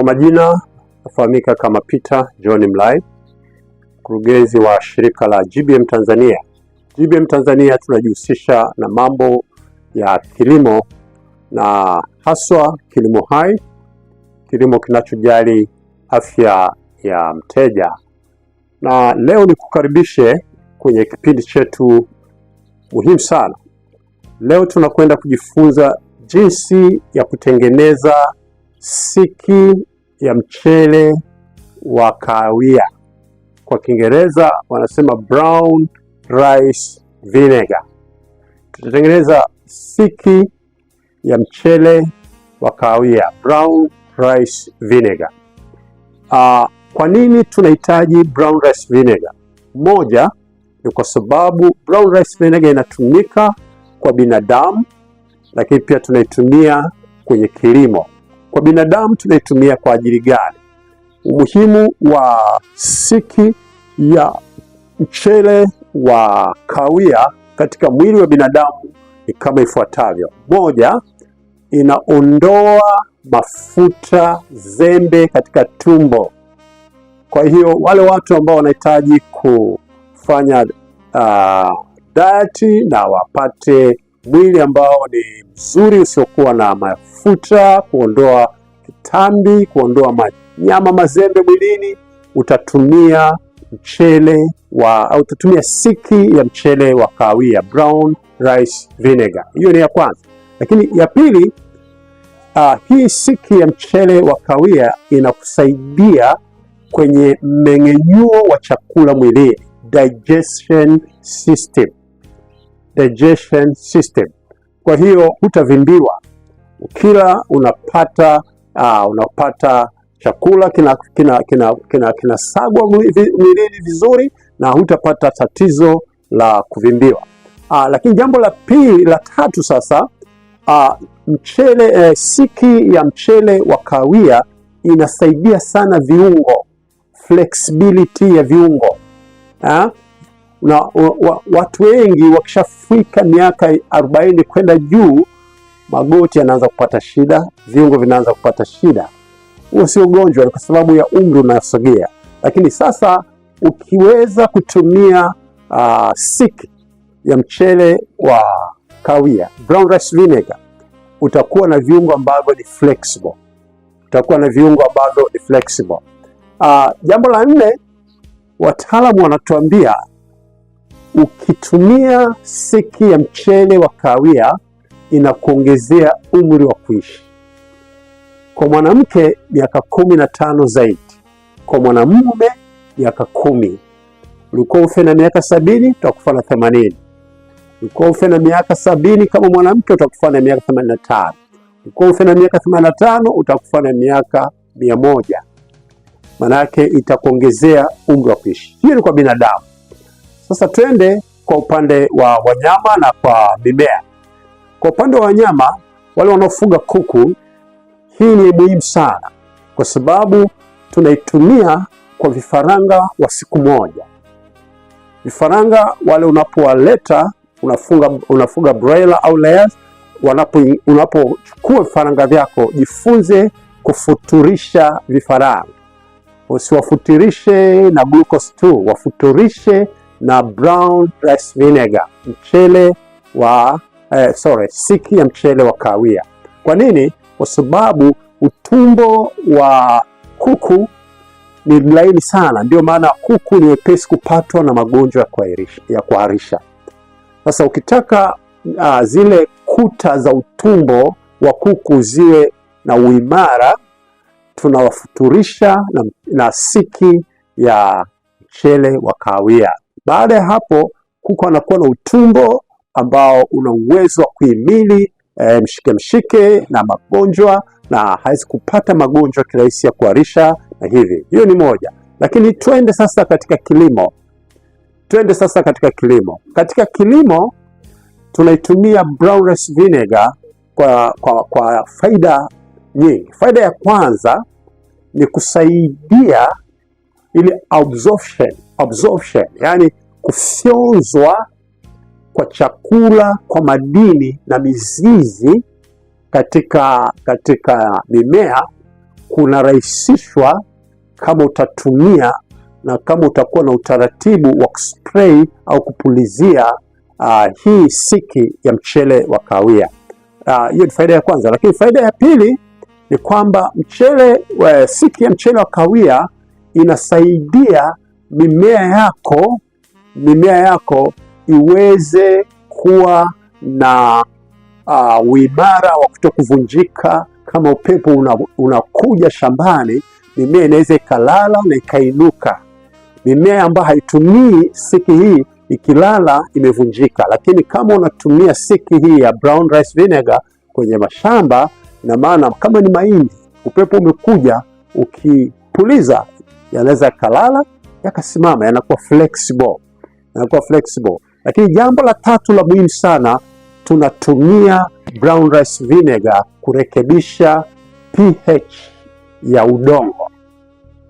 Kwa majina nafahamika kama Peter John Mlai, mkurugenzi wa shirika la GBM Tanzania. GBM Tanzania tunajihusisha na mambo ya kilimo na haswa kilimo hai, kilimo kinachojali afya ya mteja. Na leo nikukaribishe kwenye kipindi chetu muhimu sana. Leo tunakwenda kujifunza jinsi ya kutengeneza siki ya mchele wa kahawia, kwa Kiingereza wanasema brown rice vinegar. Tutatengeneza siki ya mchele wa kahawia brown rice vinegar. Uh, kwa nini tunahitaji brown rice vinegar? Moja ni kwa sababu brown rice vinegar inatumika kwa binadamu, lakini pia tunaitumia kwenye kilimo. Kwa binadamu tunaitumia kwa ajili gani? Umuhimu wa siki ya mchele wa kawia katika mwili wa binadamu ni kama ifuatavyo: moja, inaondoa mafuta zembe katika tumbo. Kwa hiyo wale watu ambao wanahitaji kufanya uh, ah, dayati na wapate mwili ambao ni mzuri usiokuwa na mafuta, kuondoa kitambi, kuondoa manyama mazembe mwilini. Utatumia mchele wa au utatumia siki ya mchele wa kahawia, brown rice vinegar. Hiyo ni ya kwanza, lakini ya pili Uh, hii siki ya mchele wa kahawia inakusaidia kwenye mmeng'enyuo wa chakula mwilini, digestion system digestion system. Kwa hiyo hutavimbiwa kila unapata uh, unapata chakula kinasagwa kina, kina, kina, kina mwilini vizuri na hutapata tatizo la kuvimbiwa. Uh, lakini jambo la pili la tatu sasa uh, mchele uh, siki ya mchele wa kawia inasaidia sana viungo, flexibility ya viungo ha? na wa, wa, watu wengi wakishafika miaka 40 kwenda juu, magoti yanaanza kupata shida, viungo vinaanza kupata shida. Huo sio ugonjwa, ni kwa sababu ya umri unasogea. Lakini sasa ukiweza kutumia uh, ah, siki ya mchele wa kawia brown rice vinegar, utakuwa na viungo ambavyo ni flexible, utakuwa na viungo ambavyo ni flexible. Uh, jambo la nne wataalamu wanatuambia ukitumia siki ya mchele wa kahawia inakuongezea umri wa kuishi. Kwa mwanamke miaka kumi na tano zaidi, kwa mwanamume miaka kumi. Ulikuwa ufe na miaka sabini, utakufa na themanini. Ulikuwa ufe na miaka sabini kama mwanamke, utakufa na miaka themanini na tano. Ulikuwa ufe na miaka themanini na tano, utakufa na miaka mia moja. Maanake itakuongezea umri wa kuishi. Hiyo ni kwa binadamu sasa twende kwa upande wa wanyama na kwa mimea. Kwa upande wa wanyama, wale wanaofuga kuku, hii ni muhimu sana kwa sababu tunaitumia kwa vifaranga wa siku moja. Vifaranga wale unapowaleta, unafunga unafuga broiler au layers, wanapo unapochukua vifaranga vyako, jifunze kufuturisha vifaranga, usiwafutirishe na glucose tu, wafuturishe na brown rice vinegar, mchele wa eh, sorry, siki ya mchele wa kahawia. Kwa nini? Kwa sababu utumbo wa kuku ni laini sana, ndio maana kuku ni wepesi kupatwa na magonjwa ya kuharisha. Sasa ukitaka uh, zile kuta za utumbo wa kuku ziwe na uimara, tunawafuturisha na, na siki ya mchele wa kahawia. Baada ya hapo, kuku anakuwa na utumbo ambao una uwezo wa kuhimili e, mshike mshike na magonjwa na hawezi kupata magonjwa kirahisi ya kuharisha na hivi. Hiyo ni moja, lakini twende sasa katika kilimo, twende sasa katika kilimo. Katika kilimo tunaitumia brown rice vinegar kwa, kwa, kwa faida nyingi. Faida ya kwanza ni kusaidia ile absorption absorption, yani kufyonzwa kwa chakula kwa madini na mizizi katika, katika mimea kunarahisishwa kama utatumia na kama utakuwa na utaratibu wa kuspray au kupulizia uh, hii siki ya mchele wa kahawia. Ah, hiyo uh, ni faida ya kwanza, lakini faida ya pili ni kwamba mchele, eh, siki ya mchele wa kahawia inasaidia mimea yako mimea yako iweze kuwa na uh, uimara wa kuto kuvunjika. Kama upepo unakuja una shambani, mimea inaweza ikalala na ikainuka. Mimea ambayo haitumii siki hii ikilala imevunjika, lakini kama unatumia siki hii ya brown rice vinegar kwenye mashamba, na maana kama ni mahindi, upepo umekuja ukipuliza, yanaweza yakalala yakasimama, yanakuwa flexible, yanakuwa flexible. Lakini jambo la tatu la muhimu sana, tunatumia brown rice vinegar kurekebisha pH ya udongo,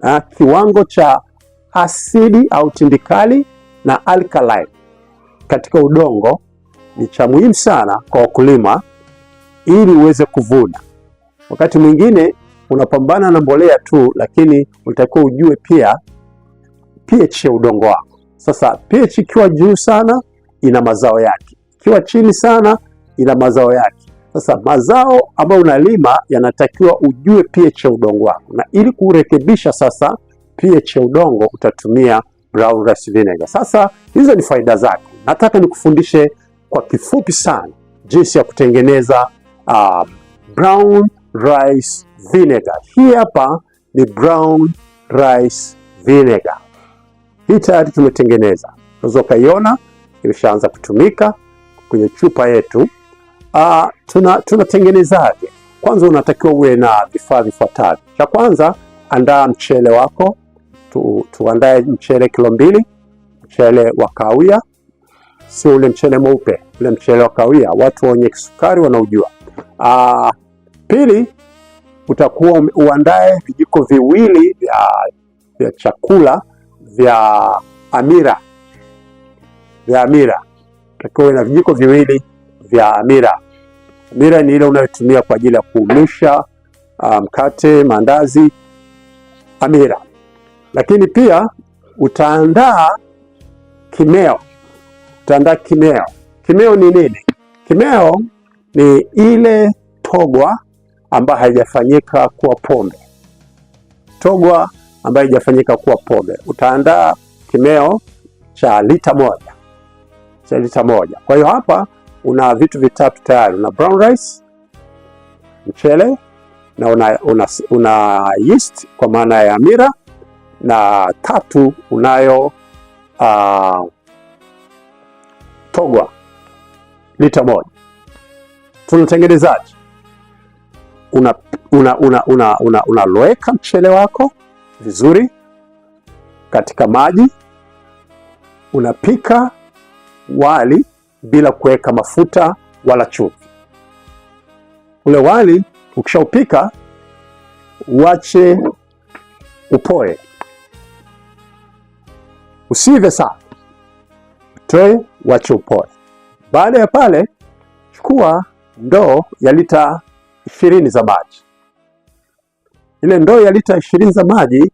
ha, ah, kiwango cha asidi au tindikali na alkaline katika udongo ni cha muhimu sana kwa wakulima ili uweze kuvuna. Wakati mwingine unapambana na mbolea tu, lakini unatakiwa ujue pia pH ya udongo wako. Sasa pH ikiwa juu sana ina mazao yake, ikiwa chini sana ina mazao yake. Sasa mazao ambayo unalima yanatakiwa ujue pH ya udongo wako, na ili kurekebisha sasa pH ya udongo utatumia brown rice vinegar. Sasa hizo ni faida zake. Nataka nikufundishe kwa kifupi sana jinsi ya kutengeneza uh, brown rice vinegar. Hii hapa ni brown rice vinegar. Hii tayari tumetengeneza, unaweza ukaiona imeshaanza kutumika kwenye chupa yetu. Uh, tunatengenezaje? Tuna kwanza, unatakiwa uwe na vifaa vifuatavyo. Cha kwanza, andaa mchele wako tu, tuandae mchele kilo mbili, mchele wa kahawia, sio ule mchele mweupe, ule mchele wa kahawia watu wenye kisukari wanaujua. Uh, pili, utakuwa uandae vijiko viwili vya, vya chakula vya amira vya amira, takiwa na vijiko viwili vya amira. Amira ni ile unayotumia kwa ajili ya kuumisha ah, mkate, um, maandazi, amira. Lakini pia utaandaa kimeo, utaandaa kimeo. Kimeo ni nini? Kimeo ni ile togwa ambayo haijafanyika kuwa pombe. Togwa ambayo haijafanyika kuwa pombe. Utaandaa kimeo cha lita moja cha lita moja. Kwa hiyo hapa una vitu vitatu tayari, una brown rice mchele na una, una, una yeast kwa maana ya hamira na tatu unayo uh, togwa lita moja. Tunatengenezaje? Unaloweka una, una, una, una, una mchele wako vizuri katika maji. Unapika wali bila kuweka mafuta wala chumvi. Ule wali ukishaupika uache upoe, usive sana, utoe uache upoe. Baada ya pale, chukua ndoo ya lita ishirini za maji ile ndoo ya lita ishirini za maji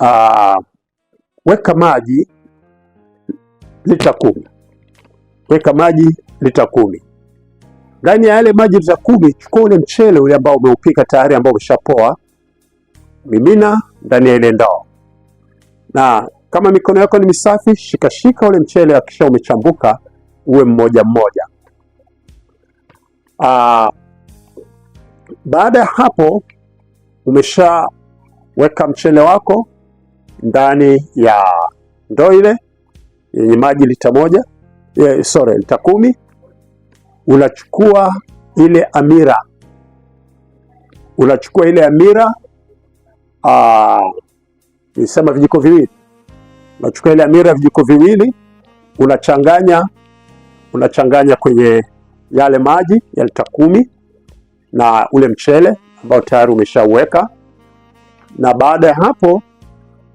aa, ah, weka maji lita kumi weka maji lita kumi ndani ya yale maji lita kumi chukua ule mchele ule ambao umeupika tayari ambao umeshapoa mimina ndani ya ile ndoo, na kama mikono yako ni misafi, shikashika ule mchele, akisha umechambuka uwe mmoja mmoja. Aa, ah, baada ya hapo umeshaweka mchele wako ndani ya ndoo ile yenye maji lita moja, yeah, sorry, lita kumi. Unachukua ile amira, unachukua ile amira ah, nisema vijiko viwili, unachukua ile amira vijiko viwili, unachanganya unachanganya kwenye yale maji ya lita kumi na ule mchele ambao tayari umeshauweka, na baada ya hapo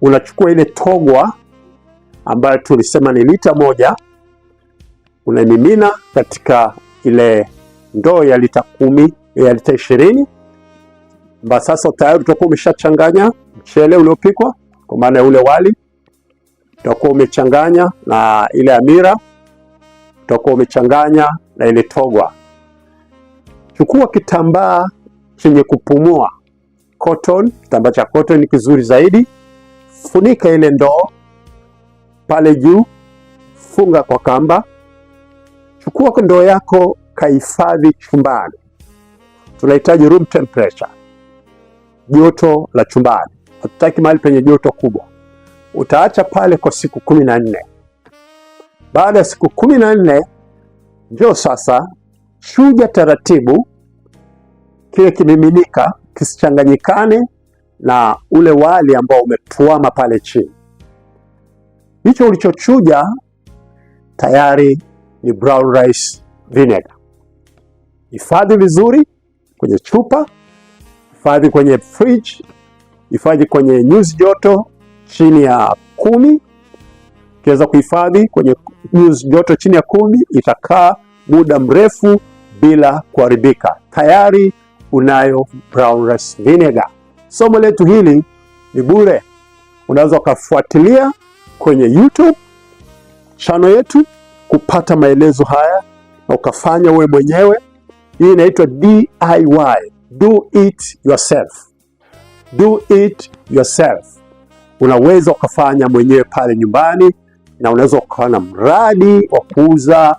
unachukua ile togwa ambayo tulisema ni lita moja, unaimimina katika ile ndoo ya lita kumi ya lita ishirini mba sasa tayari utakuwa umeshachanganya mchele uliopikwa kwa maana ya ule wali utakuwa umechanganya na ile amira, utakuwa umechanganya na ile togwa. Chukua kitambaa chenye kupumua cotton, kitambaa cha cotton ni kizuri zaidi. Funika ile ndoo pale juu, funga kwa kamba. Chukua ndoo yako, kahifadhi chumbani. Tunahitaji room temperature, joto la chumbani. Hatutaki mahali penye joto kubwa. Utaacha pale kwa siku kumi na nne. Baada ya siku kumi na nne, njoo sasa, chuja taratibu kile kimiminika kisichanganyikane na ule wali ambao umetuama pale chini. Hicho ulichochuja tayari ni brown rice vinegar. Hifadhi vizuri kwenye chupa, hifadhi kwenye fridge, hifadhi kwenye nyuzi joto chini ya kumi. Ukiweza kuhifadhi kwenye nyuzi joto chini ya kumi, itakaa muda mrefu bila kuharibika. Tayari unayo brown rice vinegar. Somo letu hili ni bure, unaweza ukafuatilia kwenye YouTube chano yetu kupata maelezo haya na ukafanya uwe mwenyewe. Hii inaitwa DIY, do it yourself. Do it yourself, unaweza ukafanya mwenyewe pale nyumbani, na unaweza ukawa na mradi wa kuuza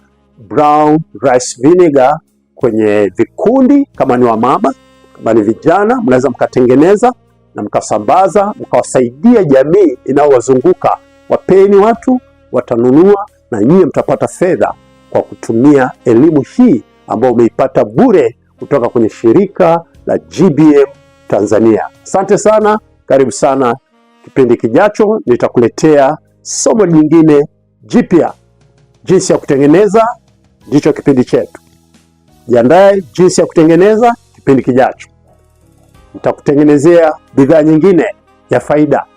brown rice vinegar kwenye vikundi, kama ni wamama, kama ni vijana, mnaweza mkatengeneza na mkasambaza, mkawasaidia jamii inayowazunguka. Wapeni watu, watanunua na nyie mtapata fedha kwa kutumia elimu hii ambayo umeipata bure kutoka kwenye shirika la GBM Tanzania. Asante sana, karibu sana. Kipindi kijacho nitakuletea somo lingine jipya, jinsi ya kutengeneza. Ndicho kipindi chetu. Jiandae jinsi ya kutengeneza. Kipindi kijacho nitakutengenezea bidhaa nyingine ya faida.